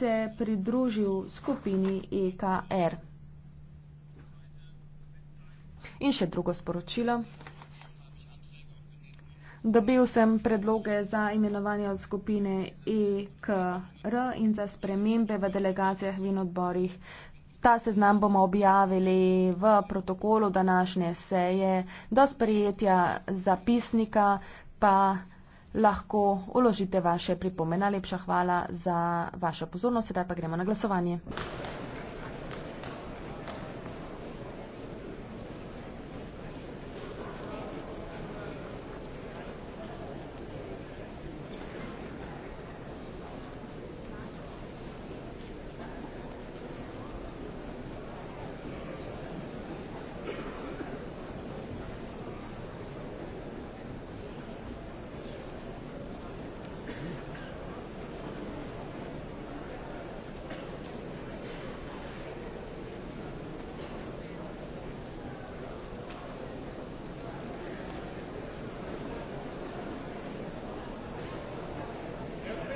se pridružil skupini EKR. In še drugo sporočilo. Dobil sem predloge za imenovanje od skupine EKR in za spremembe v delegacijah in odborih. Ta seznam bomo objavili v protokolu današnje seje. Do sprejetja zapisnika pa lahko uložite vaše pripombe. Najlepša hvala za vašo pozornost, sedaj pa gremo na glasovanje.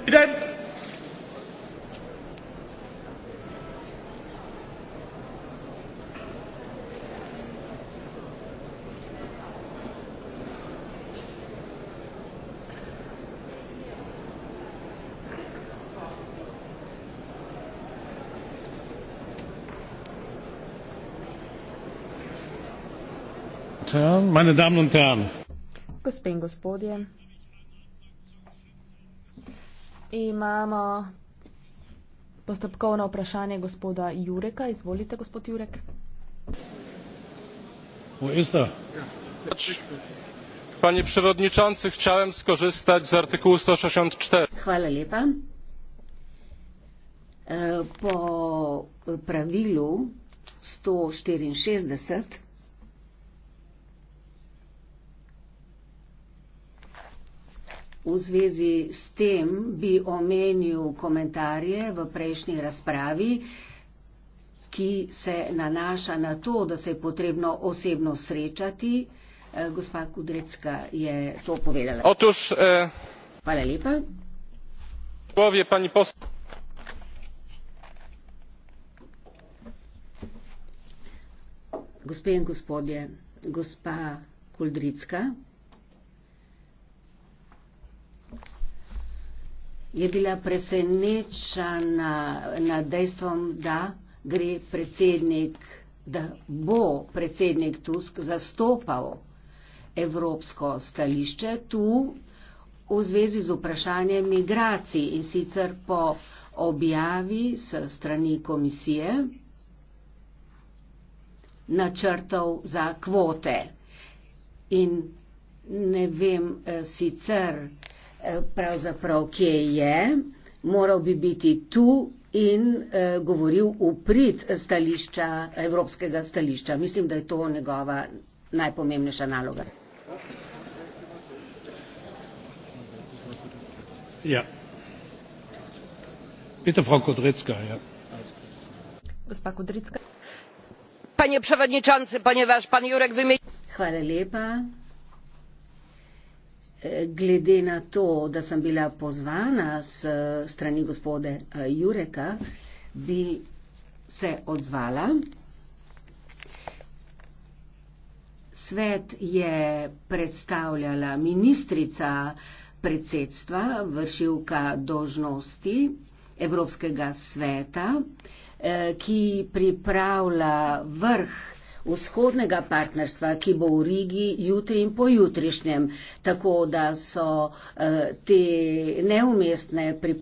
president. Meine Damen und Herren, Gospen, gospodje, Imamo postopkovno vprašanje gospoda Jureka. Izvolite, gospod Jurek. Pani predsednica, želim skoristiti z artiklu 164. Hvala lepa. E, po pravilu 164 V zvezi s tem bi omenil komentarje v prejšnji razpravi, ki se nanaša na to, da se je potrebno osebno srečati. Eh, gospa Kudrecka je to povedala. Otuž, eh, Hvala lepa. Povje, pani pos... Gospe in gospodje, gospa Kudrecka. je bila presenečena nad dejstvom, da gre predsednik, da bo predsednik Tusk zastopal evropsko stališče tu v zvezi z vprašanjem migracij in sicer po objavi s strani komisije načrtov za kvote. In ne vem eh, sicer, pravzaprav kje je, moral bi biti tu in eh, govoril v prid stališča, evropskega stališča. Mislim, da je to njegova najpomembnejša naloga. Ja. Bitte, Frau Kodrycka, ja. Gospa Kodrycka. Panie przewodniczący, ponieważ pan Jurek wymienił. Hvala lepa glede na to, da sem bila pozvana s strani gospode eh, Jureka, bi se odzvala. Svet je predstavljala ministrica predsedstva, vršilka dožnosti Evropskega sveta, eh, ki pripravlja vrh vzhodnega partnerstva, ki bo v Rigi jutri in pojutrišnjem, tako da so eh, te neumestne pripravljene.